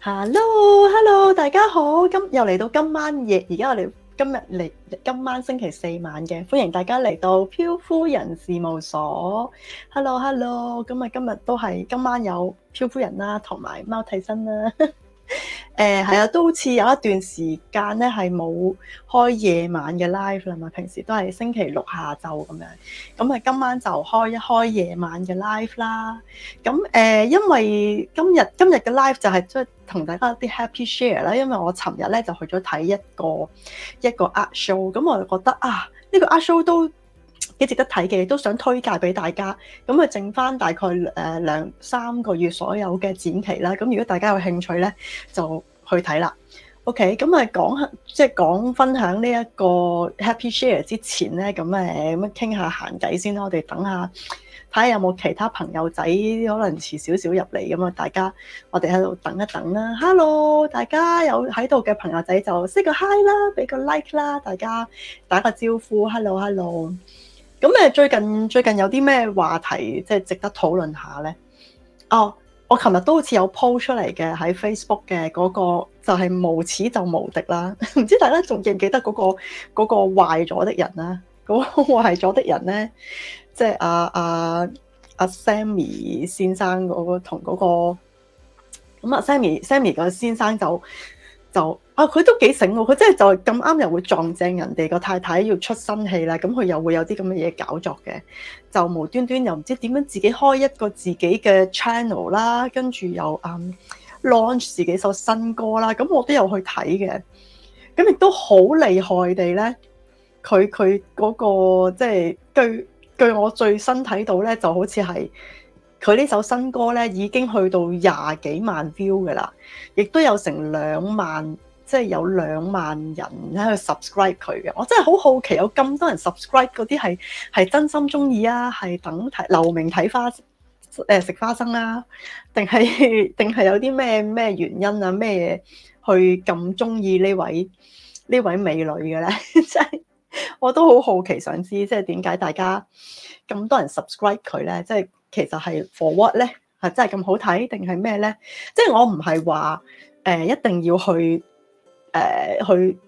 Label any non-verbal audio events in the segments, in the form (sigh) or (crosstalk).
Hello，Hello，Hello，大家好，今又嚟到今晚夜，而家我哋今日嚟，今晚星期四晚嘅，歡迎大家嚟到漂夫人事務所。Hello，Hello，咁 Hello，啊，今日都係今晚有漂夫人啦，同埋貓替身啦。 (laughs) 誒係啊，都、嗯、好似有一段時間咧係冇開夜晚嘅 live 啦，嘛平時都係星期六下晝咁樣，咁啊今晚就開一開夜晚嘅 live 啦。咁誒、呃，因為今日今日嘅 live 就係即係同大家啲 happy share 啦，因為我尋日咧就去咗睇一個一個 art show，咁我就覺得啊，呢、呢個 art show 都幾值得睇嘅，都想推介俾大家。咁啊，剩翻大概誒兩,兩三個月所有嘅展期啦，咁如果大家有興趣咧，就～去睇啦，OK，咁啊講即係講分享呢一個 Happy Share 之前咧，咁誒咁啊傾下閒偈先啦。我哋等下睇下有冇其他朋友仔可能遲少少入嚟，咁啊，大家我哋喺度等一等啦。Hello，大家有喺度嘅朋友仔就 say 個 Hi 啦，俾個 Like 啦，大家打個招呼。Hello，Hello，咁 Hello 誒最近最近有啲咩話題即係、就是、值得討論下咧？哦、oh,。我琴日都好似有 post 出嚟嘅喺 Facebook 嘅嗰、那個就係、是、無恥就無敵啦，唔知大家仲記唔記得嗰、那個嗰、那個、壞咗的人啦？咁、那個、壞咗的人咧，即、就、係、是、阿、啊、阿阿、啊啊、Sammy 先生嗰個同嗰個咁、那個、啊 Sammy Sammy 個先生就就。啊！佢都幾醒喎，佢真係就咁啱又會撞正人哋個太太要出新戲啦，咁佢又會有啲咁嘅嘢搞作嘅，就無端端又唔知點樣自己開一個自己嘅 channel 啦，跟住又嗯 launch 自己首新歌啦，咁我都有去睇嘅，咁亦都好厲害地咧，佢佢嗰個即係、就是、據據我最新睇到咧，就好似係佢呢首新歌咧已經去到廿幾萬 view 噶啦，亦都有成兩萬。即係有兩萬人喺度 subscribe 佢嘅，我真係好好奇有咁多人 subscribe 嗰啲係係真心中意啊，係等睇留名睇花誒食花生啊，定係定係有啲咩咩原因啊咩嘢去咁中意呢位呢位美女嘅咧？即 (laughs) 係我都好好奇想知，即係點解大家咁多人 subscribe 佢咧？即係其實係 for what 咧，係真係咁好睇定係咩咧？即係我唔係話誒一定要去。誒、呃、去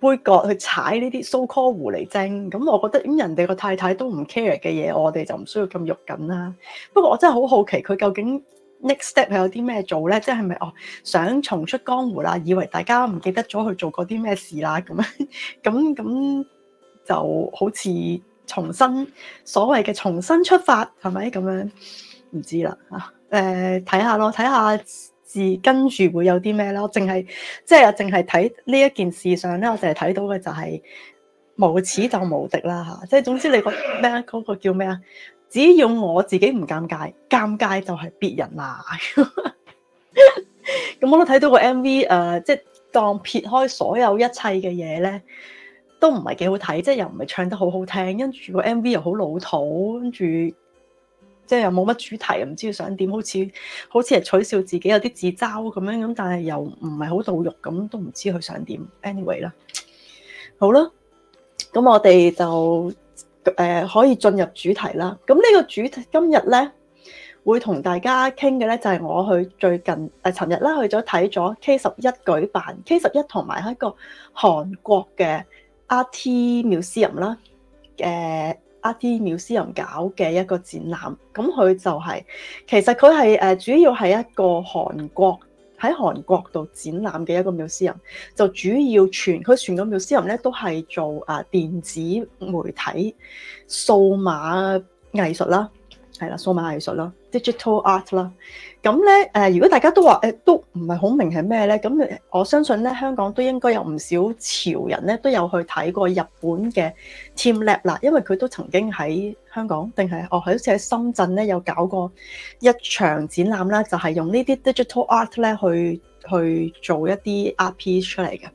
杯葛去踩呢啲 so call 狐狸精，咁我覺得咁人哋個太太都唔 care 嘅嘢，我哋就唔需要咁肉緊啦。不過我真係好好奇佢究竟 next step 係有啲咩做咧？即係咪哦想重出江湖啦？以為大家唔記得咗去做過啲咩事啦？咁樣咁咁就好似重新所謂嘅重新出發係咪咁樣？唔知啦嚇，誒睇下咯，睇下。是跟住會有啲咩咯？淨係即係淨係睇呢一件事上咧，我淨係睇到嘅就係、係、無恥就無敵啦嚇！即係總之你個咩嗰個叫咩啊？只要我自己唔尷尬，尷尬就係別人啦。咁 (laughs) 我都睇到個 M V 誒、呃，即係當撇開所有一切嘅嘢咧，都唔係幾好睇，即係又唔係唱得好好聽，跟住個 M V 又好老土，跟住。即係又冇乜主題，又唔知佢想點，好似好似係取笑自己有啲自嘲咁樣咁，但係又唔係好到肉咁，都唔知佢想點。Anyway 啦，好啦，咁我哋就誒可以進入主題啦。咁呢個主題今日咧會同大家傾嘅咧就係我去最近誒尋日啦，去咗睇咗 K 十一舉辦 K 十一同埋一個韓國嘅 Art Museum 啦，誒。Arte Museum 搞嘅一個展覽，咁佢就係、是，其實佢係誒主要係一個韓國，喺韓國度展覽嘅一個 Museum，就主要全佢全個 Museum 咧都係做啊電子媒體數碼藝術啦。係啦，數碼藝術啦，digital art 啦，咁咧誒，如果大家都話誒、呃、都唔係好明係咩咧，咁我相信咧香港都應該有唔少潮人咧都有去睇過日本嘅 team lab 啦，因為佢都曾經喺香港定係哦，好似喺深圳咧有搞過一場展覽啦，就係、是、用這些呢啲 digital art 咧去去做一啲 art piece 出嚟嘅。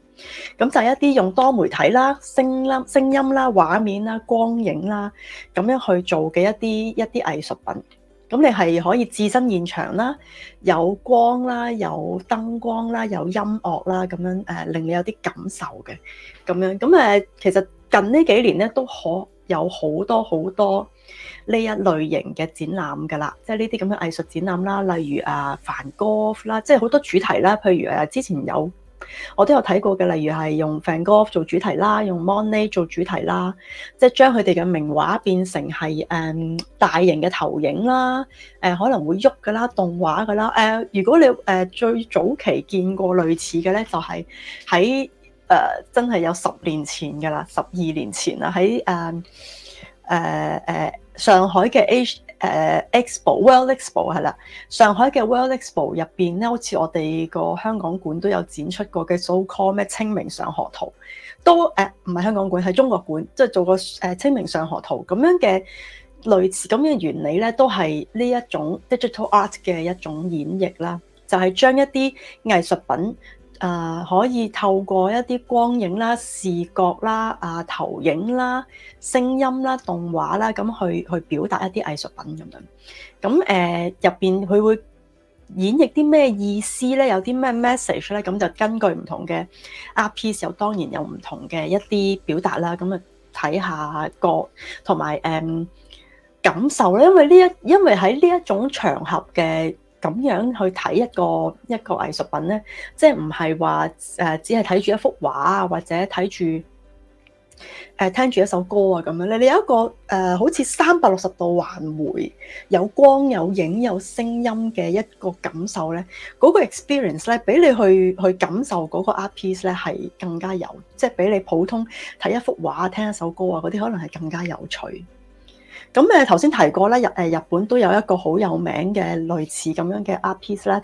咁就係一啲用多媒體啦、聲啦、聲音啦、畫面啦、光影啦，咁樣去做嘅一啲一啲藝術品。咁你係可以置身現場啦，有光啦、有燈光啦、有音樂啦，咁樣誒、呃、令你有啲感受嘅。咁樣咁誒、呃，其實近呢幾年咧都可有好多好多呢一類型嘅展覽噶啦，即係呢啲咁嘅藝術展覽啦，例如啊梵高啦，即係好多主題啦，譬如誒、啊、之前有。我都有睇過嘅，例如係用 f a n 梵高做主題啦，用 Monet 做主題啦，即係將佢哋嘅名畫變成係誒、嗯、大型嘅投影啦，誒、呃、可能會喐噶啦，動畫噶啦。誒、呃、如果你誒、呃、最早期見過類似嘅咧，就係喺誒真係有十年前噶啦，十二年前啦，喺誒誒誒上海嘅 a 誒、uh, expo world expo 係啦，上海嘅 world expo 入邊咧，好似我哋個香港館都有展出過嘅 so call 咩清明上河圖，都誒唔係香港館，係中國館，即係做個誒清明上河圖咁樣嘅類似咁樣嘅原理咧，都係呢一種 digital art 嘅一種演繹啦，就係將一啲藝術品。啊，uh, 可以透過一啲光影啦、視覺啦、啊投影啦、聲音啦、動畫啦咁去去表達一啲藝術品咁樣。咁誒入邊佢會演繹啲咩意思咧？有啲咩 message 咧？咁就根據唔同嘅 art piece 當然有唔同嘅一啲表達啦。咁啊睇下個同埋誒感受啦。因為呢一，因為喺呢一種場合嘅。咁樣去睇一個一個藝術品咧，即係唔係話誒只係睇住一幅畫啊，或者睇住誒聽住一首歌啊咁樣咧？你有一個誒、呃、好似三百六十度環回，有光有影有聲音嘅一個感受咧，嗰、那個 experience 咧，俾你去去感受嗰個 art piece 咧，係更加有，即係比你普通睇一幅畫、聽一首歌啊嗰啲，那些可能係更加有趣。咁誒頭先提過咧，日誒日本都有一個好有名嘅類似咁樣嘅 art piece 咧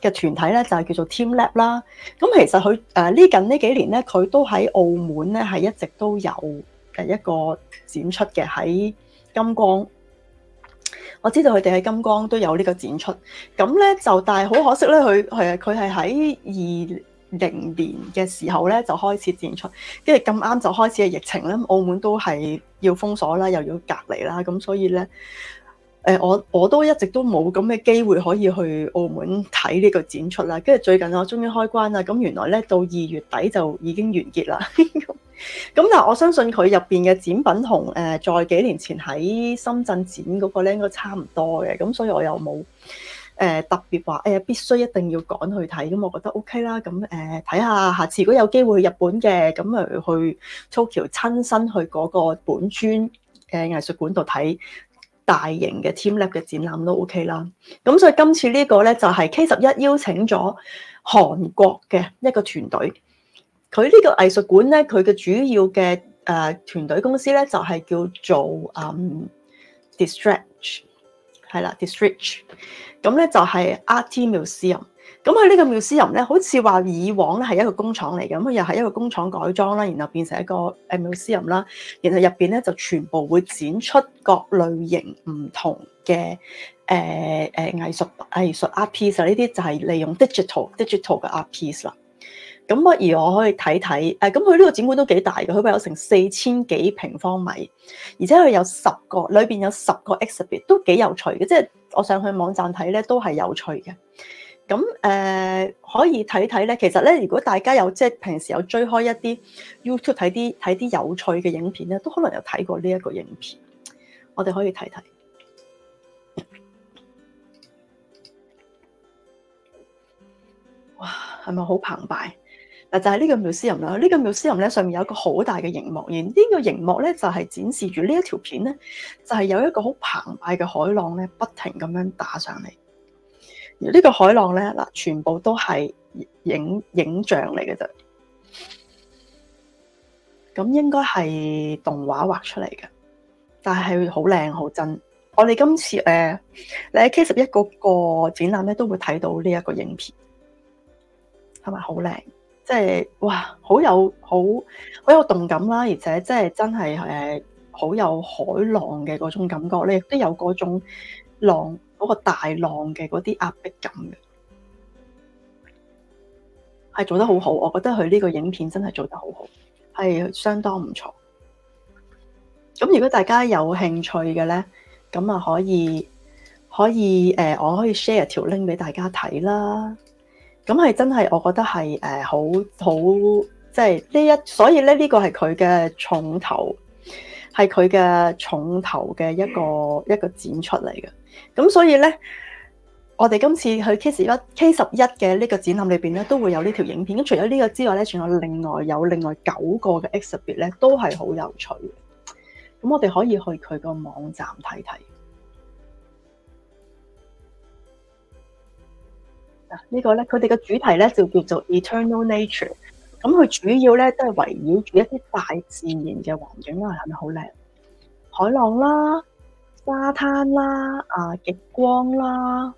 嘅團體咧，就係叫做 Team Lab 啦。咁其實佢誒呢近呢幾年咧，佢都喺澳門咧係一直都有嘅一個展出嘅喺金光。我知道佢哋喺金光都有呢個展出。咁咧就但係好可惜咧，佢係啊佢係喺二。零年嘅時候咧，就開始展出，跟住咁啱就開始係疫情咧，澳門都係要封鎖啦，又要隔離啦，咁所以咧，誒我我都一直都冇咁嘅機會可以去澳門睇呢個展出啦。跟住最近我終於開關啦，咁原來咧到二月底就已經完結啦。咁 (laughs) 但係我相信佢入邊嘅展品同誒在幾年前喺深圳展嗰個咧應該差唔多嘅，咁所以我又冇。誒特別話誒、欸、必須一定要趕去睇，咁，我覺得 OK 啦。咁誒睇下下次如果有機會去日本嘅，咁啊去粗橋，ok，親身去嗰個本尊誒藝術館度睇大型嘅 team lap 嘅展覽都 OK 啦。咁所以今次呢個咧就係 K 十一邀請咗韓國嘅一個團隊。佢呢個藝術館咧，佢嘅主要嘅誒、呃、團隊公司咧就係、是、叫做嗯 d i s t r a c t 係啦 d'strict 咁咧就係、是、Art Museum。咁佢呢個 museum 咧，好似話以往咧係一個工廠嚟嘅，咁佢又係一個工廠改裝啦，然後變成一個 museum 啦。然後入面咧就全部會展出各類型唔同嘅誒誒藝術藝術 art piece。呢啲就係利用 digital, digital digital 嘅 art piece 啦。咁不如我可以睇睇，誒咁佢呢個展館都幾大嘅，佢有成四千幾平方米，而且佢有十個，裏邊有十個 exhibit 都幾有趣嘅，即係我上去網站睇咧都係有趣嘅。咁誒可以睇睇咧，其實咧如果大家有即係平時有追開一啲 YouTube 睇啲睇啲有趣嘅影片咧，都可能有睇過呢一個影片，我哋可以睇睇。哇，係咪好澎湃？嗱，就係、這個、呢個繆斯人啦。呢個 museum 咧，上面有一個好大嘅熒幕，而個幕呢個熒幕咧就係、是、展示住呢一條片咧，就係、是、有一個好澎湃嘅海浪咧，不停咁樣打上嚟。而呢個海浪咧，嗱，全部都係影影像嚟嘅，對。咁應該係動畫畫出嚟嘅，但係好靚好真的。我哋今次誒、呃，你喺 K11 嗰個展覽咧，都會睇到呢一個影片，係咪好靚？很即係哇，好有好好有動感啦，而且即係真係誒，好有海浪嘅嗰種感覺，亦都有嗰種浪嗰個大浪嘅嗰啲壓迫感嘅，係做得好好，我覺得佢呢個影片真係做得好好，係相當唔錯。咁如果大家有興趣嘅咧，咁啊可以可以誒，我可以 share 條 link 俾大家睇啦。咁係真係，我覺得係誒，好好即係呢一，所以咧呢個係佢嘅重頭，係佢嘅重頭嘅一個一個展出嚟嘅。咁所以咧，我哋今次去 Kiss 一 K11 嘅呢個展覽裏邊咧，都會有呢條影片。咁除咗呢個之外咧，仲有另外有另外九個嘅 exhibit 咧，都係好有趣嘅。咁我哋可以去佢個網站睇睇。嗱，呢個咧，佢哋嘅主題咧就叫做 Eternal Nature，咁佢主要咧都係圍繞住一啲大自然嘅環境啦，係咪好靚？海浪啦、沙灘啦、啊極光啦，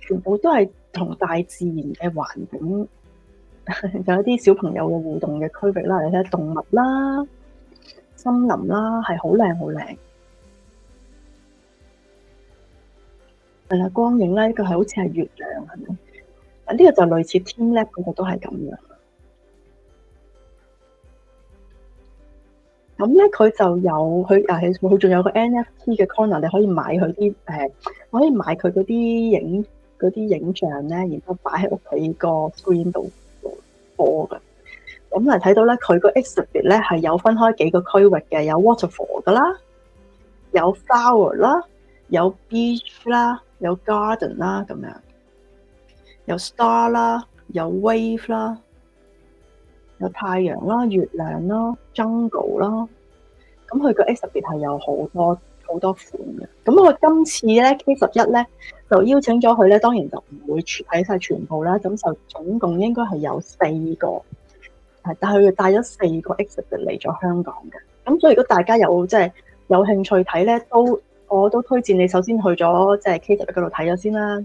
全部都係同大自然嘅環境 (laughs) 有一啲小朋友嘅互動嘅區域啦，你睇下動物啦、森林啦，係好靚，好靚。係啦，光影咧呢、這個係好似係月亮係咪？啊呢、這個就類似 teamLab 嗰個都係咁樣的。咁咧佢就有佢啊，佢仲有個 NFT 嘅 corner，你可以買佢啲誒，我、呃、可以買佢嗰啲影啲影像咧，然之後擺喺屋企個 screen 度播嘅。咁嚟睇到咧，佢個 exhibit 咧係有分開幾個區域嘅，有 waterfall 噶啦，有 flower 啦，有 beach 啦。有 garden 啦，咁樣有 star 啦，有 wave 啦，有太陽啦、月亮啦、jungle 啦，咁佢個 exhibit 係有好多好多款嘅。咁我今次咧 K 十一咧就邀請咗佢咧，當然就唔會睇晒全部啦。咁就總共應該係有四個，係但係佢帶咗四個 exhibit 嚟咗香港嘅。咁所以如果大家有即係有興趣睇咧，都。我都推薦你首先去咗即係 K11 度睇咗先啦。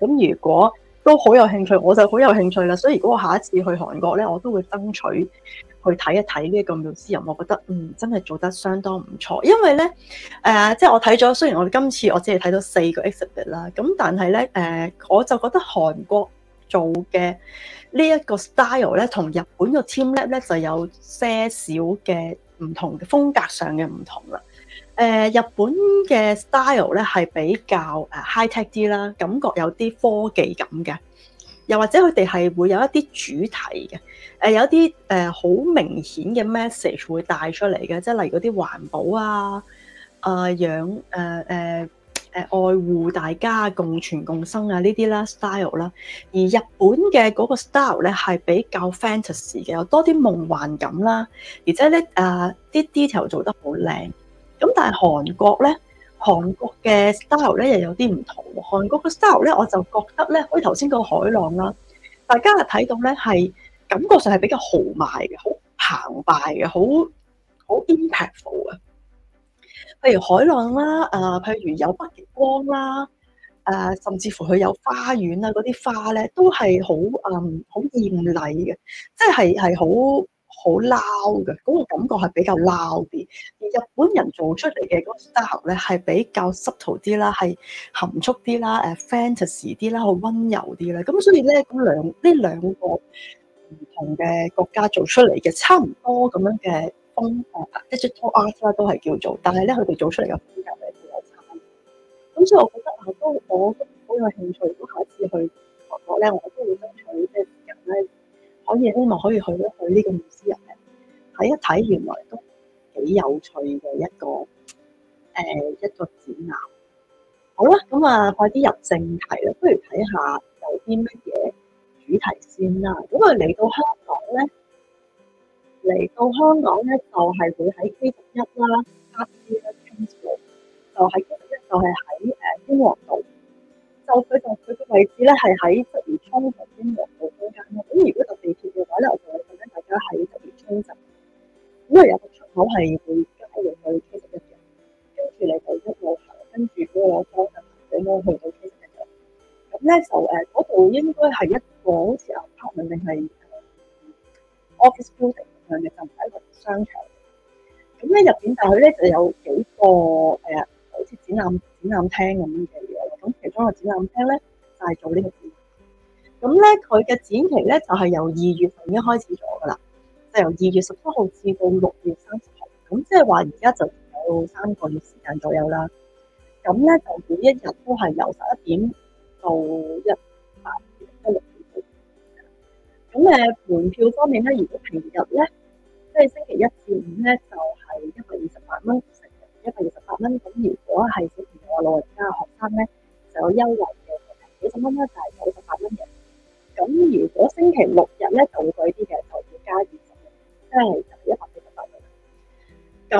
咁如果都好有興趣，我就好有興趣啦。所以如果我下一次去韓國咧，我都會爭取去睇一睇呢一個 museum。我覺得嗯真係做得相當唔錯，因為咧誒、呃，即係我睇咗，雖然我哋今次我只係睇咗四個 exhibit 啦，咁但係咧誒，我就覺得韓國做嘅呢一個 style 咧，同日本個 team lab 咧就有些少嘅唔同嘅風格上嘅唔同啦。誒日本嘅 style 咧係比較誒 high tech 啲啦，感覺有啲科技感嘅。又或者佢哋係會有一啲主題嘅，誒有啲誒好明顯嘅 message 會帶出嚟嘅，即係例如啲環保啊、啊養誒誒誒愛護大家共存共生啊呢啲啦 style 啦。而日本嘅嗰個 style 咧係比較 fantasy 嘅，有多啲夢幻感啦，而且咧啊啲 detail 做得好靚。咁但係韓國咧，韓國嘅 style 咧又有啲唔同喎。韓國嘅 style 咧，我就覺得咧，好似頭先個海浪啦，大家睇到咧係感覺上係比較豪邁嘅，好澎湃嘅，好好 impactful 啊。譬如海浪啦，誒、啊，譬如有北極光啦，誒、啊，甚至乎佢有花園啊嗰啲花咧都係好誒，好豔麗嘅，即係係好。就是好撈嘅，嗰個感覺係比較撈啲。而日本人做出嚟嘅嗰個 style 咧係比較 subtle 啲啦，係含蓄啲啦，誒 fantasy 啲啦，好溫柔啲啦。咁所以咧，咁兩呢兩個唔同嘅國家做出嚟嘅差唔多咁樣嘅風格。digital art 啦都係叫做，但係咧佢哋做出嚟嘅風格比較差。咁所以，我覺得啊，都我都好有興趣。如果下一次去韓國咧，我都會想取即係日本咧。可以，希望可以去一去呢個美斯日嘅睇一睇，原來都幾有趣嘅一個誒一個展覽。好啦，咁啊，快啲入正題啦，不如睇下有啲乜嘢主題先啦。咁啊，嚟到香港咧，嚟到香港咧就係、是、會喺 K 十一啦、A 二啦、A 四就喺 K 十一就係喺誒英皇道。就佢同佢嘅位置咧，係喺十二倉同英皇。因為有個出口係會交用去 K11 嘅，跟住你第一步行，跟住嗰個方向俾我去到 K11 度。咁咧就誒，嗰度應該係一個好似 apartment 定係 office building 咁嘅，就唔係一個商場。咁咧入邊，就係咧就有幾個誒，好似展覽展覽廳咁嘅嘢。咁其中個展覽廳咧，就係做呢個展。咁咧，佢嘅展期咧就係由二月份已經開始咗噶啦，就由二月十，到至到六月三十號，咁即係話而家就有三個月時間左右啦。咁咧就每一日都係由十一點到一八一六點到嘅。咁誒，門票方面咧，如果平日咧，即係星期一至五咧，就係一百二十八蚊，成日一百二十八蚊。咁如果係小朋友啊、老人家學生咧，就有優惠嘅，幾十蚊啦，就係九十八蚊嘅。咁如果星期六日咧，就會貴啲嘅，就要加二即係一百九十八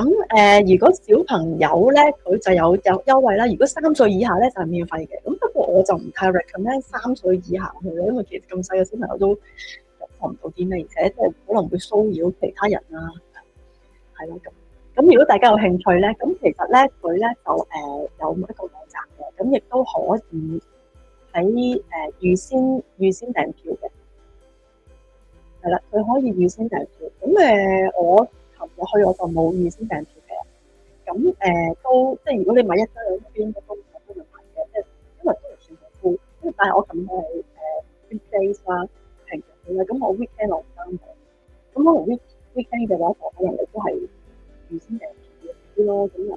蚊。咁誒，如果小朋友咧，佢就有有優惠啦。如果三歲以下咧，就係免費嘅。咁不過我就唔太 recommend 三歲以下去咧，因為其實咁細嘅小朋友都坐唔到啲咧，而且即係可能會騷擾其他人啦。係咯，咁如果大家有興趣咧，咁其實咧佢咧就誒有一個網站嘅，咁亦都可以喺誒預先預先訂票嘅。係啦，佢可以預先訂票。咁誒，我琴日去我就冇預先訂票嘅。咁誒、呃、都即係如果你買一週兩邊嘅都係都唔平嘅，即係因為、呃啊嗯嗯 end, 嗯、都係算係高。因為但係我琴日係誒 weekdays 啦，平日啦，咁我 weekend 落唔咁可能 week weekend 嘅話，可能你都係預先訂票啲咯。咁又同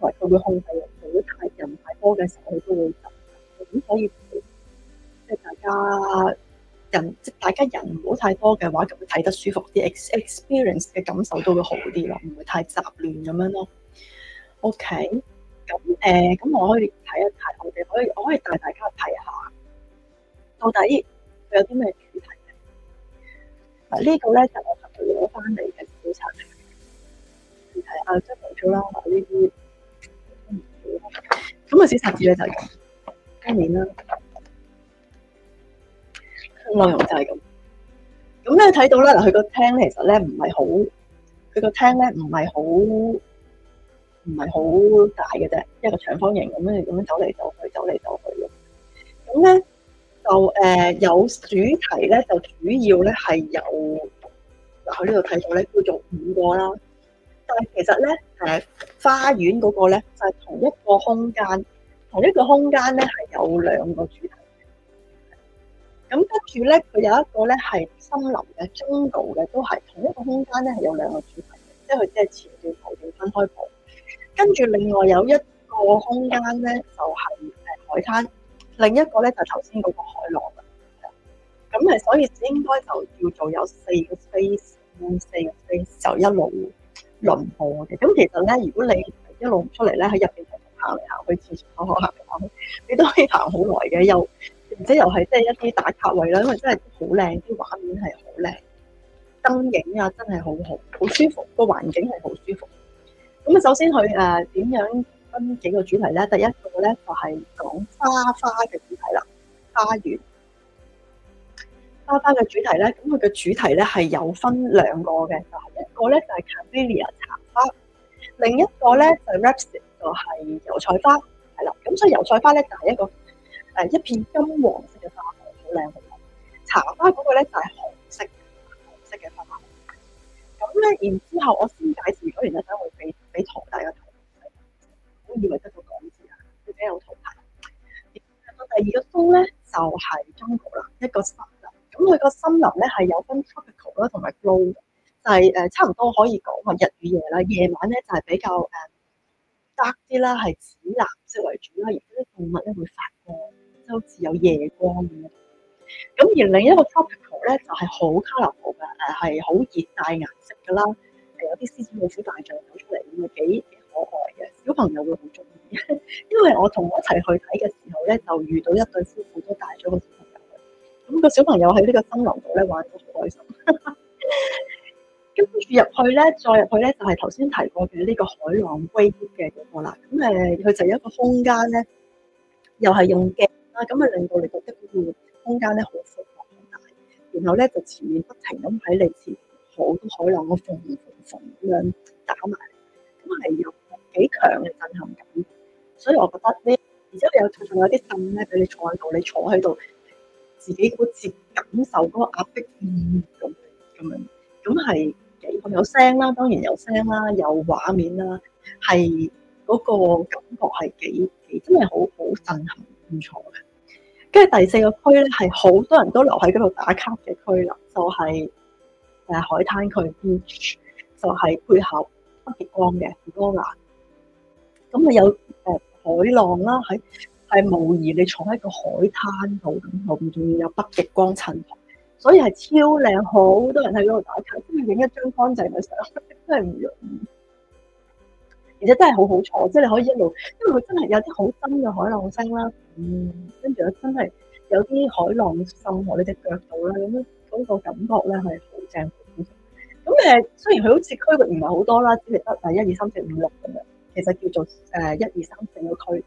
埋佢會控制人，如果人太人太多嘅時候，佢都會減。咁所以即係大家。即係大家人唔好太多嘅話，就會睇得舒服啲 (music) ，experience 嘅感受都會好啲咯，唔會太雜亂咁樣咯。OK，咁誒，咁、呃、我可以睇一睇，我哋可以，我可以帶大家睇下，到底佢有啲咩主題咧？嗱，呢個咧就我琴日攞翻嚟嘅小冊子，睇啊，即係唔少啦，呢啲咁啊，啊啊嗯啊那個、小冊子咧就今年啦。內容就係咁，咁咧睇到咧，嗱佢個廳其實咧唔係好，佢個廳咧唔係好，唔係好大嘅啫，一個長方形咁樣咁樣走嚟走去，走嚟走去咯。咁咧就誒有主題咧，就主要咧係有。嗱喺呢度睇到咧，叫做五個啦。但係其實咧，誒花園嗰個咧就係同一個空間，同一個空間咧係有兩個主題。咁跟住咧，佢有一個咧係森林嘅中度嘅，都係同一個空間咧，係有兩個主題嘅，即係佢即係前段後段分開步。跟住另外有一個空間咧，就係、是、誒海灘，另一個咧就係頭先嗰個海浪。咁係所以應該就叫做有四個 space，四個 space 就一路輪播嘅。咁其實咧，如果你一路出嚟咧，喺入邊行嚟行去，廁所行嚟行去，你都可以行好耐嘅又。唔知又係即係一啲打卡位啦，因為真係好靚，啲畫面係好靚，燈影啊，真係好好，好舒服，個環境係好舒服。咁啊，首先佢誒點樣分幾個主題咧？第一個咧就係、是、講花花嘅主題啦，花園。花花嘅主題咧，咁佢嘅主題咧係有分兩個嘅，就係、是、一個咧就係、是、Camellia 茶花，另一個咧就是、Rhapsody 就係油菜花，係啦。咁所以油菜花咧就係、是、一個。誒一片金黃色嘅花好靚好靚，茶花嗰個咧就係、是、紅色紅色嘅花。咁咧，然之後我先介紹果原來等我俾俾徒弟嘅徒弟，都以為得到港字啊，佢尾有圖牌。咁第二個松咧就係、是、jungle 啦，一個森林。咁佢個森林咧係有分 tropical 啦同埋 glow 嘅，就係、是、誒差唔多可以講話日與夜啦。夜晚咧就係、是、比較誒 dark 啲啦，係紫藍色為主啦。而家啲動物咧會發光。都似有夜光咁，咁而另一個 topic 咧就係好 colourful 嘅，誒係好熱帶顏色噶啦，有啲獅子、老虎、大象走出嚟，咁啊幾可愛嘅，小朋友會好中意，因為我同我一齊去睇嘅時候咧，就遇到一對夫婦都帶咗個小朋友，咁個小朋友喺呢個森林度咧玩得好開心，跟住 (laughs) 入去咧，再入去咧就係頭先提過嘅呢個海浪 wave 嘅嗰個啦，咁誒佢就有一個空間咧，又係用嘅。啊，咁啊令到你覺得嗰個空間咧好寬闊、好大，然後咧就前面不停咁喺你前面海浪嗰縫縫縫咁樣打埋，咁係有幾強嘅震撼感。所以我覺得呢，而且你有仲有啲凳咧俾你坐喺度，你坐喺度自己嗰節感受嗰個壓迫感咁咁、嗯、樣，咁係幾有聲啦，當然有聲啦，有畫面啦，係嗰個感覺係幾幾真係好好震撼，唔錯嘅。即係第四個區咧，係好多人都留喺嗰度打卡嘅區啦，就係、是、誒海灘區，就係、是、配合北極光嘅極光啊！咁啊有誒海浪啦，喺係模擬你坐喺個海灘度，咁後邊仲要有北極光襯，所以係超靚，好多人喺嗰度打卡，跟住影一張乾淨嘅相，真係唔容易。而且真係好好坐，即係你可以一路，因為佢真係有啲好深嘅海浪聲啦，嗯，跟住又真係有啲海浪深喎，你隻腳度咧，咁樣嗰個感覺咧係好正好舒服。咁誒，雖然佢好似區域唔係好多啦，只係得第一二三四五六咁樣，其實叫做誒一二三四個區。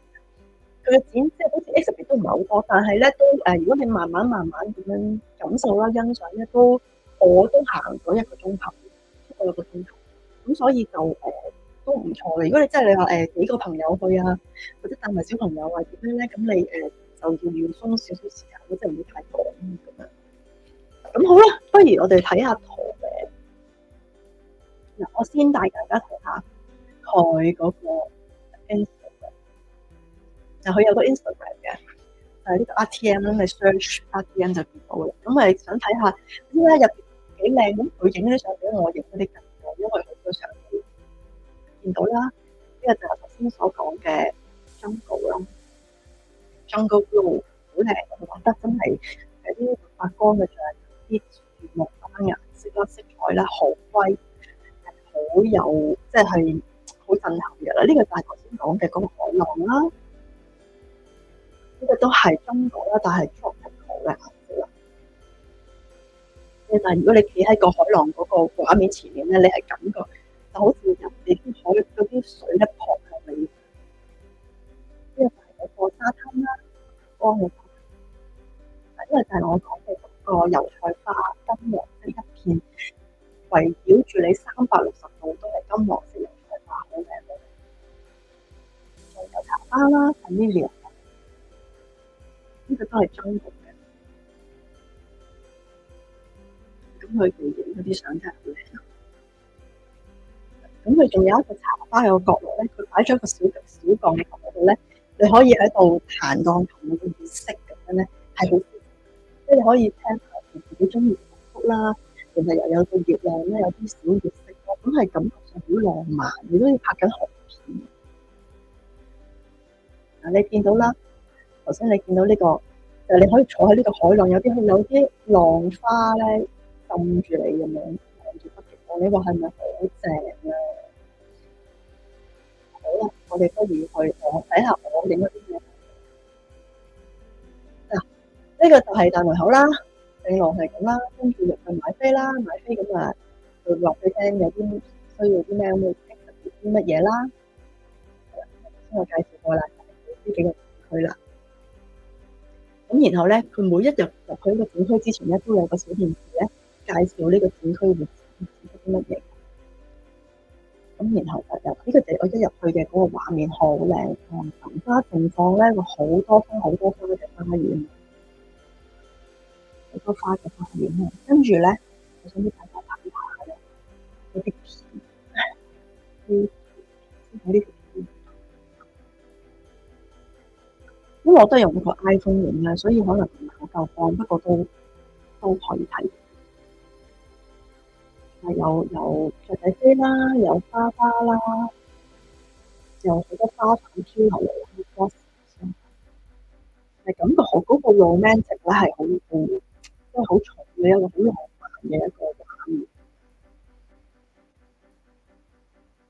佢嘅展即係好似 exhibit 都唔係好多，但係咧都誒，如果你慢慢慢慢咁樣感受啦、欣賞咧，都我都行咗一個鐘頭，行咗一個鐘頭，咁所以就誒。都唔錯嘅。如果你真係你話誒幾個朋友去啊，或者帶埋小朋友啊點樣咧，咁你誒就要鬆少少時間，唔好真係唔好太趕咁樣。咁好啦，不如我哋睇下圖嘅。嗱，我先帶大家睇下佢嗰個 Instagram，就佢有個 Instagram 嘅，就係呢個 ARTE M 咁你 search ARTE M 就見到啦。咁我係想睇下依家入邊幾靚，咁佢影嗰啲相比我影嗰啲更過，因為佢個場。見到啦，呢個就係頭先所講嘅 jungle jungle blue 好靚，我覺得真係啲發光嘅，就係啲樹木啦，顏色色彩咧好威，好有即係好震撼嘅啦。呢個就係頭先講嘅嗰個海浪啦，呢個都係中國啦，但係 colour 好靚，但係如果你企喺個海浪嗰個畫面前面咧，你係感覺。就好似人入啲海嗰啲水一撲呢咪？這個、就係嗰個沙灘啦，我係因為就係我講嘅嗰個油菜花金黃的一片，圍繞住你三百六十度都係金黃色油菜花，好靚嘅。仲有茶花啦，係呢邊，呢個都係中國嘅。咁佢哋影嗰啲相好靚。咁佢仲有一個茶花嘅角落咧，佢擺咗一個小小鋼琴度咧，你可以喺度彈鋼琴嗰種節色咁樣咧，係好即係你可以聽下自己中意嘅曲啦，同埋又有個月亮咧，有啲小月色，咁係感覺上好浪漫。如果你都拍緊海片，嗱，你見到啦，頭先你見到呢、這個，就是、你可以坐喺呢個海浪，有啲有啲浪花咧浸住你咁樣。你話係咪好正咧？好啦，我哋不如去我睇下我影嗰啲咩。嗱，呢個就係大門口啦，正路係咁啦，跟住入去買飛啦，買飛咁啊，落去聽有啲需要啲咩，可以聽啲乜嘢啦。今日都介紹過啦，呢幾個展區啦。咁然後咧，佢每一日入去呢個展區之前咧，都有個小電視咧介紹呢個展區嘅。唔知乜嘢，咁然後就由呢個地我一入去嘅嗰個畫面好靚，嗯、一情況呢花情況咧，佢好多花，好多花嘅花園，好多花嘅花園咧。跟住咧，我想啲大家睇下啦。咁啲片，咁睇呢啲咁，咁、嗯嗯、我都係用個 iPhone 影啦，所以可能唔係好夠光，不過都都可以睇。係有有雀仔飛啦，有花花啦，有好多花粉飄落嚟啦。係感覺好嗰個 romantic 咧，係好即係好重嘅一個好浪漫嘅一個畫面，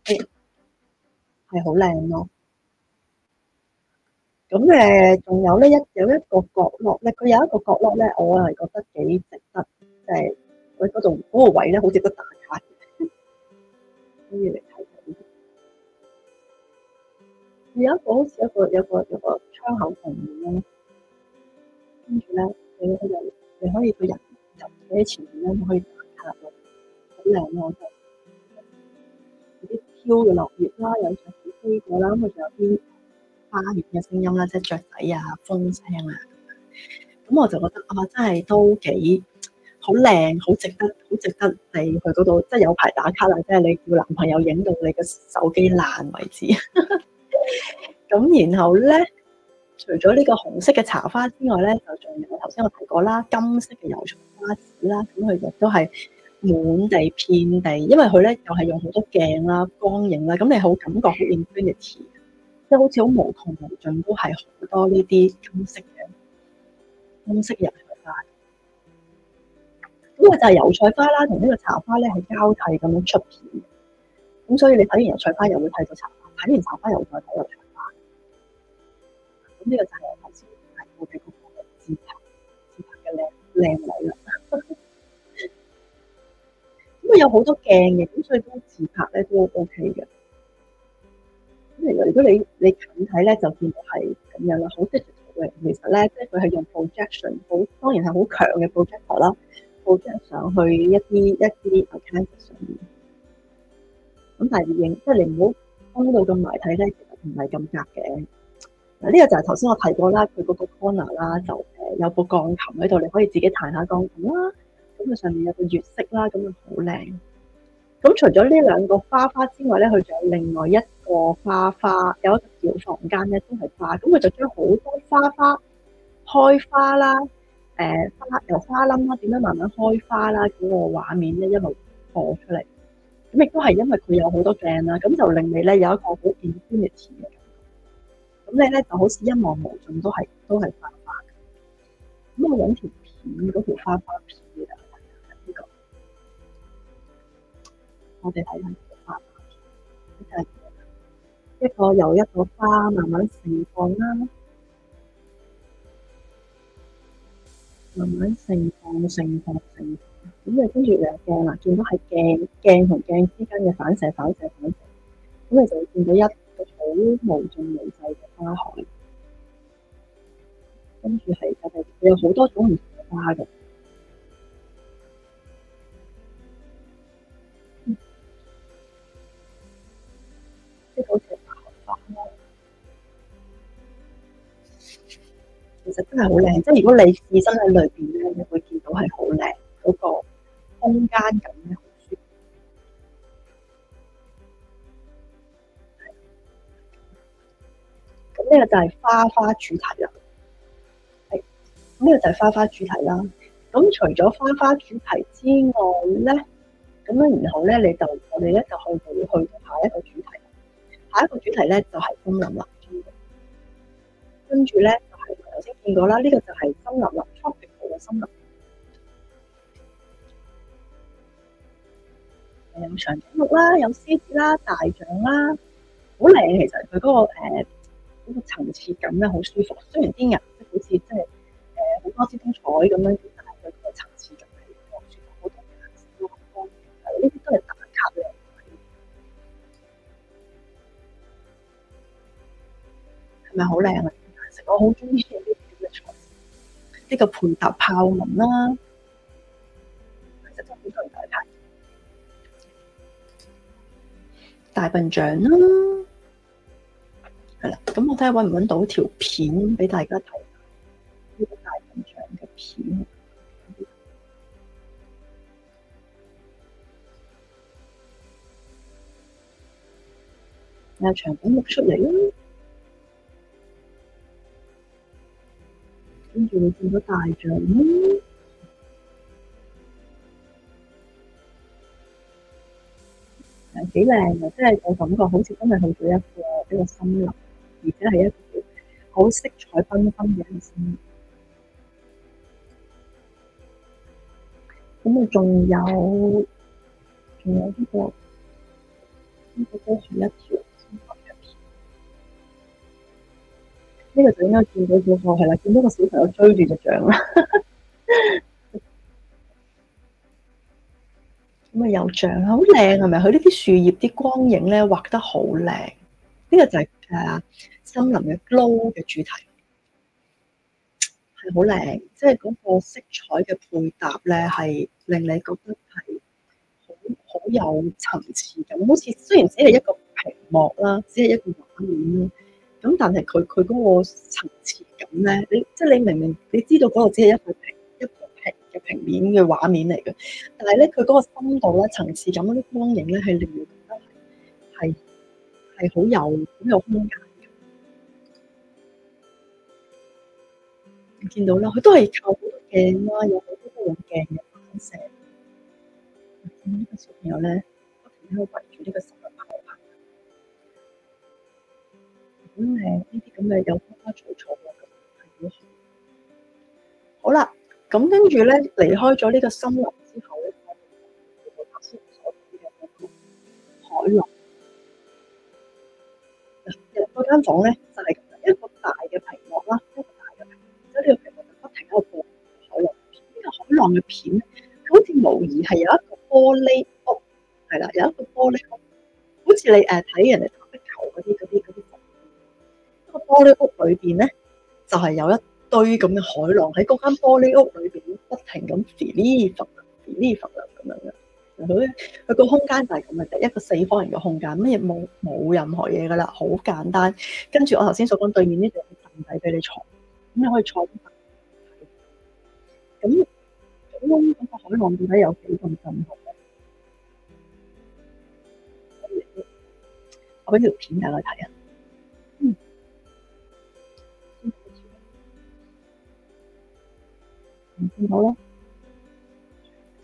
係係好靚咯。咁誒，仲有咧一有一個角落咧，佢有一個角落咧，我係覺得幾值得，即係。佢嗰度嗰個位咧，好似都打卡，可以嚟睇下。有一個好似一個一個一個窗口平面啦，跟住咧你你可以個人企喺前面咧，可以打卡。好靚喎！啲飄嘅落葉啦，有雀仔飛過啦，咁仲有啲花園嘅聲音啦，即係雀仔啊、風聲啊，咁我就覺得啊，真係都幾～好靚，好值得，好值得你去嗰度，即係有排打卡啦！即係你叫男朋友影到你個手機爛為止。咁 (laughs) 然後咧，除咗呢個紅色嘅茶花之外咧，就仲有頭先我提過啦，金色嘅油菜花籽啦，咁佢亦都係滿地遍地，因為佢咧又係用好多鏡啦、光影啦，咁你好感覺很、就是、好 infinity，即係好似好無窮無盡都係好多呢啲金色嘅金色人。呢個就係油菜花啦，同呢個茶花咧係交替咁樣出片的，咁、嗯、所以你睇完油菜花又會睇到茶花，睇完茶花又會再睇到茶花。咁、嗯、呢、嗯這個就係頭先提過嘅嗰個自拍自拍嘅靚靚女啦。咁佢有好多鏡嘅，咁所以啲自拍咧都 O K 嘅。咁其實如果你你近睇咧就見到係咁樣啦，好特別嘅。其實咧即係佢係用 projection，好當然係好強嘅 projector 啦。即係上去一啲一啲 character 上面，咁但係影即係你唔好分到咁埋睇咧，其實唔係咁夾嘅。嗱、這、呢個就係頭先我提過啦，佢嗰個 corner 啦，就誒有部鋼琴喺度，你可以自己彈下鋼琴啦。咁佢上面有個月色啦，咁樣好靚。咁除咗呢兩個花花之外咧，佢仲有另外一個花花，有一個小房間咧，都係花。咁佢就將好多花花開花啦。誒、呃，花由花冧啦，點樣慢慢開花啦，嗰個畫面咧一路播出嚟，咁亦都係因為佢有好多鏡啦，咁就令你咧有一個好連貫嘅嘅感覺，咁你咧就好似一望無盡都係都係花花，咁我用條片嗰條花花片啦，呢個我哋睇下條花花片，一個由一朵花慢慢盛放啦。慢慢盛放、盛放、盛放，咁你跟住兩鏡啦，見到係鏡、鏡同鏡之間嘅反射、反射、反射，咁你、嗯、就會見到一個好無盡無際嘅花海，跟住係佢哋有好多種唔同嘅花嘅。即係、嗯、好似。其實真係好靚，即係如果你置身喺裏邊咧，你會見到係好靚嗰個空間感咧，好舒服。咁呢個就係花花主題啦，係，咁呢個就係花花主題啦。咁除咗花花主題之外咧，咁樣然後咧，你就我哋咧就去會去下一個主題，下一個主題咧就係、是、森林啦，跟住咧。先見過啦，呢、這個就係森林林闊嘅森林，有、嗯、長頸鹿啦，有獅子啦，大象啦，好靚，其實佢嗰、那個誒嗰個層次感咧好舒服。雖然啲人好似真係誒好多姿多彩咁樣，但係佢嗰個層次仲係我好中意。呢啲都係打卡嘅。係咪好靚啊？顏色我好中意。呢個配搭豹紋啦、啊啊啊，其實都好多人睇大笨象啦，係啦，咁我睇下揾唔揾到一條片俾大家睇呢個大笨象嘅片，啊長頸鹿出嚟全部大象，之後，就係即係我感覺好似真係去到一個一個森林，而且係一個好色彩繽紛嘅森林。咁啊，仲有，仲有呢、這個呢個多雲一條呢個就應該見到個課係啦，見到個小朋友追住隻象啦，咁啊有象好靚係咪？佢呢啲樹葉啲光影咧畫得好靚，呢個就係啊森林嘅 low 嘅主題，係好靚，即係嗰個色彩嘅配搭咧，係令你覺得係好好有層次感，好似雖然只係一個屏幕啦，只係一個畫面咁但係佢佢嗰個層次感咧，你即係你明明你知道嗰度只係一個平一個平嘅平面嘅畫面嚟嘅，但係咧佢嗰個深度咧、層次感嗰啲光影咧，係令到覺得係係係好有好有空間嘅。你見到啦，佢都係靠好多鏡啦，有好多不同鏡嘅反射呢。呢個小朋友咧，不停喺度圍住呢個食咁誒，呢啲咁嘅有花花草草嘅咁嘅係好舒服。好啦，咁跟住咧，離開咗呢個森林之後咧，我哋頭先所見嘅海浪嘅嗰間房咧就係咁樣一個大嘅屏幕啦，一個大嘅，喺呢個屏幕度不停喺度播海浪片。呢個海浪嘅片咧，好似模擬係有一個玻璃屋，係、哦、啦，有一個玻璃屋，好、哦、似你誒睇人哋打壁球嗰啲嗰啲。玻璃屋裏邊咧，就係有一堆咁嘅海浪喺嗰間玻璃屋裏邊不停咁 b i l l 咁樣嘅。佢佢個空間就係咁嘅，第一個四方形嘅空間，乜嘢冇冇任何嘢噶啦，好簡單。跟住我頭先所講，對面呢度有凳底俾你坐，咁你可以坐。咁咁個海浪到底有幾咁震撼好咧？我俾條片你睇啊！見到咯，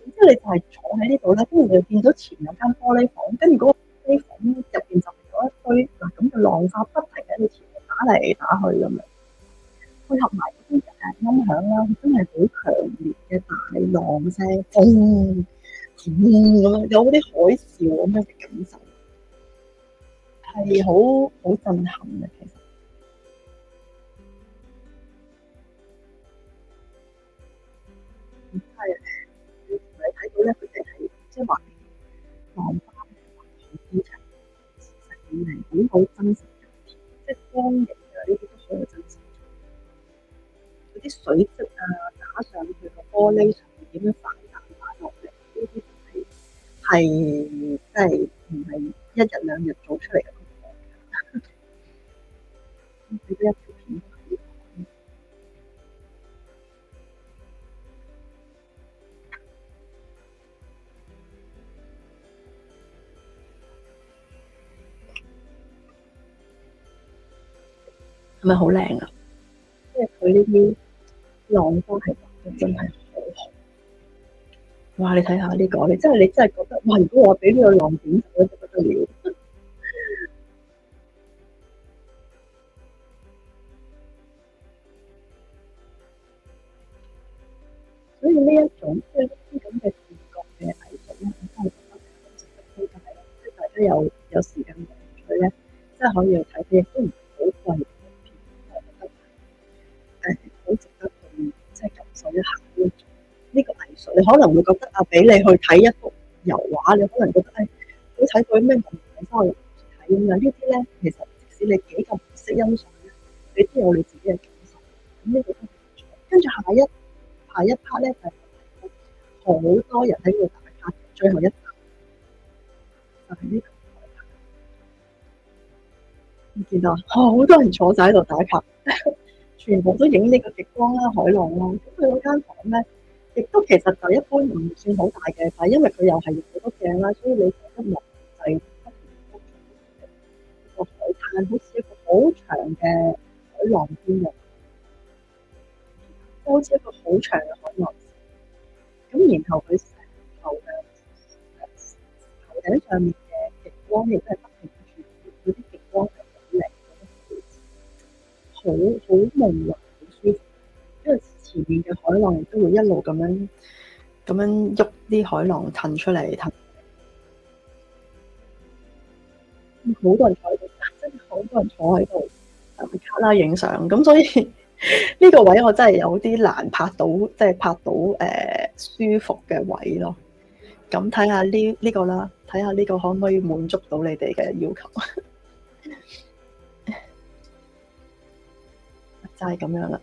之後你就係坐喺呢度咧，跟住你就見到前面有間玻璃房，跟住嗰個玻璃房入邊就有一堆咁嘅浪花不停喺度前面打嚟打去咁樣，配合埋啲誒音響啦，真係好強烈嘅大浪聲，轟轟咁樣，有嗰啲海嘯咁樣嘅感受，係好好震撼嘅。其實。係，你睇到咧，佢哋係即係話，浪花咧好真實，實際嚟講好真實，即係光影啊呢啲都好真實，嗰啲水質啊打上去個玻璃上面點樣反彈返落嚟呢啲係係即係唔係一日兩日做出嚟嘅。呵呵咪好靚啊！即係佢呢啲浪花係真係好好。哇！你睇下呢個，你真係你真係覺得哇！如果我俾呢個浪點，就覺得得了。 (laughs) 所以呢一種即係呢啲咁嘅視覺嘅藝術咧，我真係好大。即係大家有有時間去咧，真係可以去睇啲都唔。嗯你可能會覺得啊，俾你去睇一幅油畫，你可能覺得誒，冇睇過咩名畫都可以睇咁樣。呢啲咧，其實即使你幾咁唔識欣賞咧，你都有你自己嘅感受。咁呢個都唔錯。跟住下一下一 part 咧，就係好多人喺度打卡。最後一 part 就係呢度，見到好多人坐曬喺度打卡，全部都影呢個極光啦、海浪啦。咁佢嗰間。都其實就一般，唔算好大嘅，但係因為佢又係好多鏡啦，所以你睇一幕就係一個海灘，好似一個好長嘅海浪邊嘅，都好似一個好長嘅海浪。咁然後佢成頭嘅頭頂上面嘅極光亦都係擰住嗰啲極光入嚟，好好朦朧，好舒服，因為。前面嘅海浪都會一路咁樣咁樣喐啲海浪騰出嚟騰，好多人坐喺度，真係好多人坐喺度打卡啦、影相咁，所以呢、呢個位我真係有啲難拍到，即係拍到誒、呃、舒服嘅位咯。咁睇下呢呢個啦，睇下呢個可唔可以滿足到你哋嘅要求？ (laughs) 就係咁樣啦。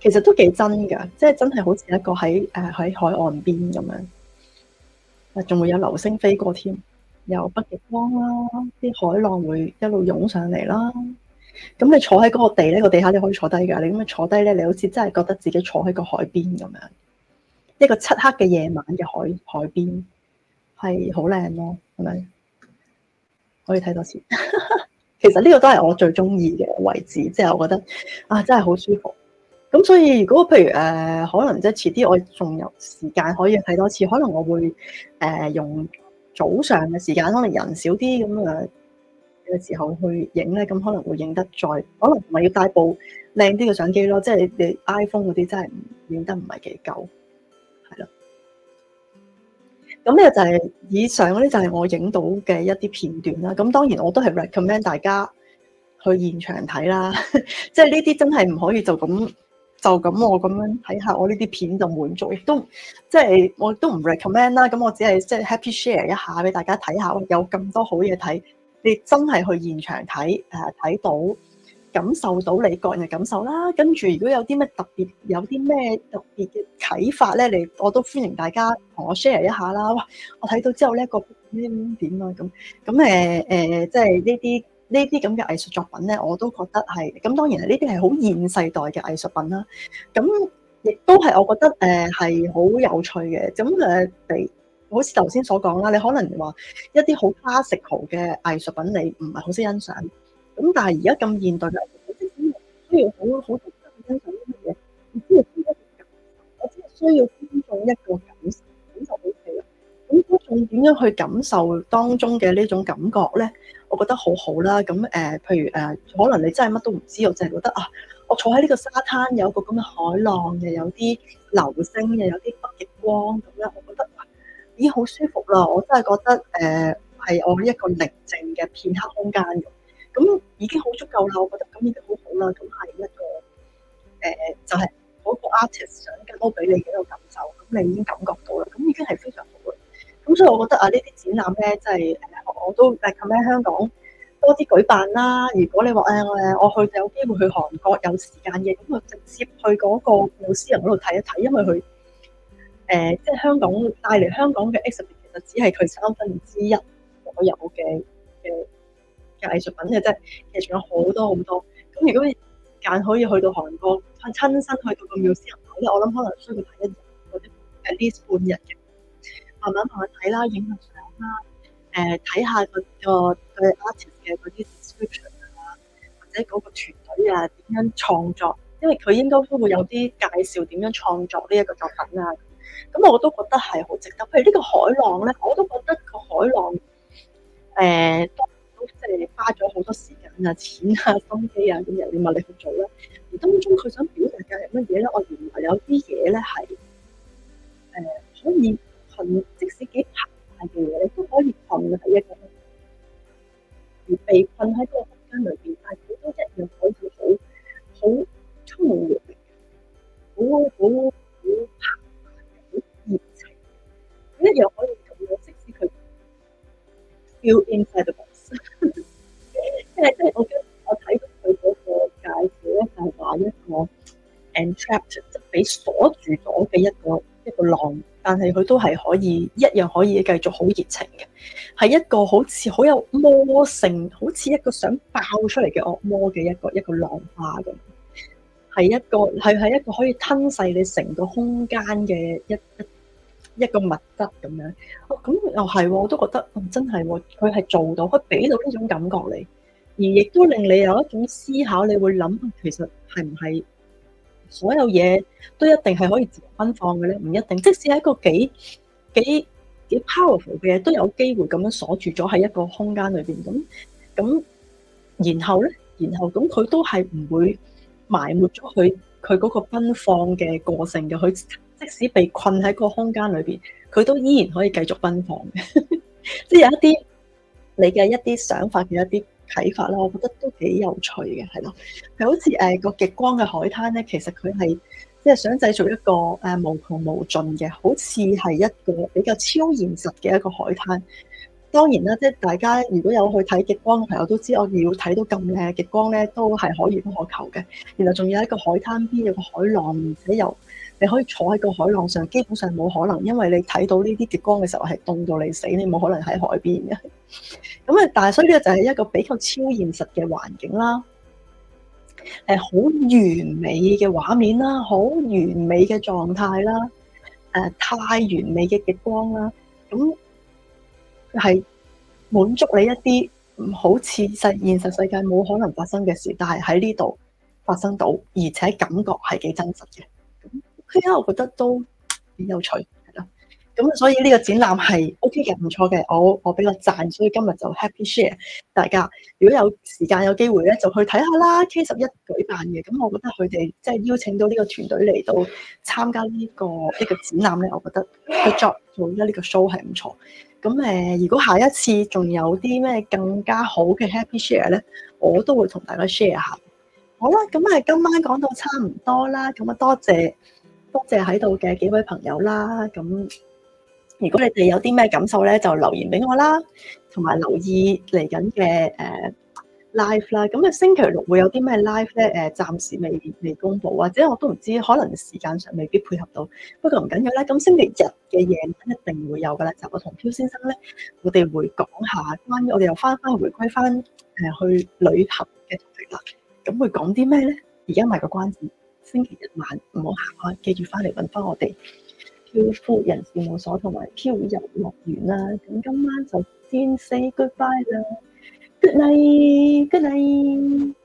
其實都幾真㗎，即係真係好似一個喺誒喺海岸邊咁樣，啊仲會有流星飛過添，有北極光啦，啲海浪會一路湧上嚟啦。咁你坐喺嗰個地，呢個地下你可以坐低㗎。你咁樣坐低咧，你好似真係覺得自己坐喺個海邊咁樣，一個漆黑嘅夜晚嘅海海邊係好靚咯，係咪？可以睇多次。 (laughs) 其實呢個都係我最中意嘅位置，即係我覺得啊，真係好舒服。咁所以如果譬如誒、呃，可能即係遲啲，我仲有時間可以睇多次，可能我會誒、呃、用早上嘅時間，可能人少啲咁啊嘅時候去影咧，咁可能會影得再，可能唔係要帶部靚啲嘅相機咯，即係你 iPhone 嗰啲真係影得唔係幾夠，係咯。咁呢個就係以上嗰啲就係我影到嘅一啲片段啦。咁當然我都係 recommend 大家去現場睇啦，即係呢啲真係唔可以就咁。就咁我咁樣睇下我呢啲片就滿足，亦都即係、即係、我都唔 recommend 啦。咁我只係即係 happy share 一下俾大家睇下，有咁多好嘢睇。你真係去現場睇誒，睇、呃、到感受到你個人嘅感受啦。跟住如果有啲咩特別，有啲咩特別嘅啟發咧，你我都歡迎大家同我 share 一下啦。哇我睇到之後咧，個點啊咁咁誒誒，即係呢啲。呃呃即係呢啲咁嘅藝術作品咧，我都覺得係咁。當然呢啲係好現世代嘅藝術品啦。咁亦都係我覺得誒係好有趣嘅。咁佢哋好似頭先所講啦，你可能話一啲好 classical 嘅藝術品，你唔係好識欣賞。咁但係而家咁現代嘅藝術品需要很很的我需要好好值得去欣賞啲乜嘢？唔知要呢一個感，我真係需要觀眾一個感受。咁仲要點樣去感受當中嘅呢種感覺咧？我覺得好好啦。咁誒、呃，譬如誒、呃，可能你真係乜都唔知道，我淨係覺得啊，我坐喺呢個沙灘，有個咁嘅海浪，又有啲流星，又有啲北極光咁樣，我覺得已經好舒服啦！我真係覺得誒係、呃、我一個寧靜嘅片刻空間嘅。咁已經好足夠啦，我覺得。咁已經好好啦。咁係一個誒、呃，就係、是、嗰個 artist 想更多俾你嘅一個感受。咁你已經感覺到啦。咁已經係非常好嘅。咁所以，我覺得啊，呢啲展覽咧，即係誒，我都誒咁喺香港多啲舉辦啦。如果你話誒、哎，我我去就有機會去韓國有時間嘅，咁我直接去嗰個妙思人嗰度睇一睇，因為佢誒即係香港帶嚟香港嘅 exhibit 其實只係佢三分之一左右嘅嘅藝術品嘅啫，其實仲有好多好多。咁如果時間可以去到韓國親親身去到個妙思人睇咧，我諗可能需要睇一日或者 at least 半日嘅。慢慢慢慢睇啦，影下相啦，誒睇下個、嗰個對 article 嘅嗰啲 description 啊，或者嗰個團隊啊點樣創作，因為佢應該都會有啲介紹點樣創作呢一個作品啊。咁我都覺得係好值得。譬如呢個海浪咧，我都覺得個海浪誒、呃、都即係花咗好多時間啊、錢啊、心機啊咁又要物力去做啦、啊。而當中佢想表達嘅係乜嘢咧？我原來有啲嘢咧係誒可以。即使幾澎湃嘅嘢，你都可以困喺一個而被困喺個空間裏邊，但係佢都一樣可以好好充滿活力嘅，好好好澎湃、好熱情，一樣可以做到。即使佢 feel incredible，即係即係我跟我睇到佢嗰個介紹咧，就係話一個 entrapped，即係被鎖住咗嘅一個。個浪，但係佢都係可以，一樣可以繼續好熱情嘅，係一個好似好有魔性，好似一個想爆出嚟嘅惡魔嘅一個一個浪花咁，係一個係係一個可以吞噬你成個空間嘅一一，一個物質咁樣。哦，咁又係，我都覺得，哦，真係，佢係做到，佢俾到呢種感覺你，而亦都令你有一種思考，你會諗，其實係唔係？所有嘢都一定係可以自由奔放嘅咧，唔一定。即使係一個幾幾幾 powerful 嘅嘢，都有機會咁樣鎖住咗喺一個空間裏邊。咁咁，然後咧，然後咁佢都係唔會埋沒咗佢佢嗰個奔放嘅個性嘅。佢即使被困喺個空間裏邊，佢都依然可以繼續奔放。即係有一啲你嘅一啲想法嘅一啲。睇法啦，我覺得都幾有趣嘅，係咯，係好似誒個極光嘅海灘咧，其實佢係即係想製造一個誒無窮無盡嘅，好似係一個比較超現實嘅一個海灘。當然啦，即係大家如果有去睇極光嘅朋友都知，我要睇到咁靚嘅極光咧，都係可遇不可求嘅。然後仲有一個海灘邊有一個海浪，而且又～你可以坐喺個海浪上，基本上冇可能，因為你睇到呢啲極光嘅時候係凍到你死，你冇可能喺海邊嘅。咁啊，但係所以呢個就係一個比較超現實嘅環境啦，係好完美嘅畫面啦，好完美嘅狀態啦，誒太完美嘅極光啦，咁係滿足你一啲唔好似實現實世界冇可能發生嘅事，但係喺呢度發生到，而且感覺係幾真實嘅。係啊，我覺得都幾有趣，係咯。咁所以呢個展覽係 O.K. 嘅，唔錯嘅。我我比較讚，所以今日就 Happy Share 大家。如果有時間有機會咧，就去睇下啦。K 十一舉辦嘅，咁我覺得佢哋即係邀請到呢個團隊嚟到參加呢個呢個展覽咧，我覺得佢作做咗呢個 show 係唔錯。咁誒，如果下一次仲有啲咩更加好嘅 Happy Share 咧，我都會同大家 share 下。好啦，咁啊，今晚講到差唔多啦，咁啊，多謝。多謝喺度嘅幾位朋友啦，咁如果你哋有啲咩感受咧，就留言俾我啦，同埋留意嚟緊嘅誒 live 啦。咁啊，星期六會有啲咩 live 咧？誒，暫時未未公布，或者我都唔知，可能時間上未必配合到。不過唔緊要啦，咁星期日嘅夜晚一定會有噶啦。就我同漂先生咧，我哋會講下關於我哋又翻翻回，回歸翻誒去旅行嘅 topic 啦。咁會講啲咩咧？而家賣個關子。星期日晚唔好行開，記住翻嚟揾翻我哋漂夫人事事務所同埋漂遊樂園啦。咁今晚就先 say goodbye 啦，good night，good night。Night.